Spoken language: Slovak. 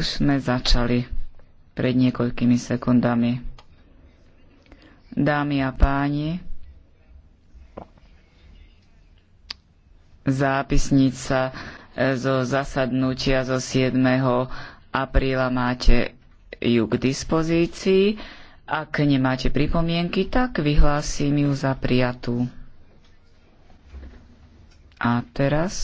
Už sme začali pred niekoľkými sekundami. Dámy a páni, zápisnica e, zo zasadnutia zo 7. apríla máte ju k dispozícii. Ak nemáte pripomienky, tak vyhlásim ju za prijatú. A teraz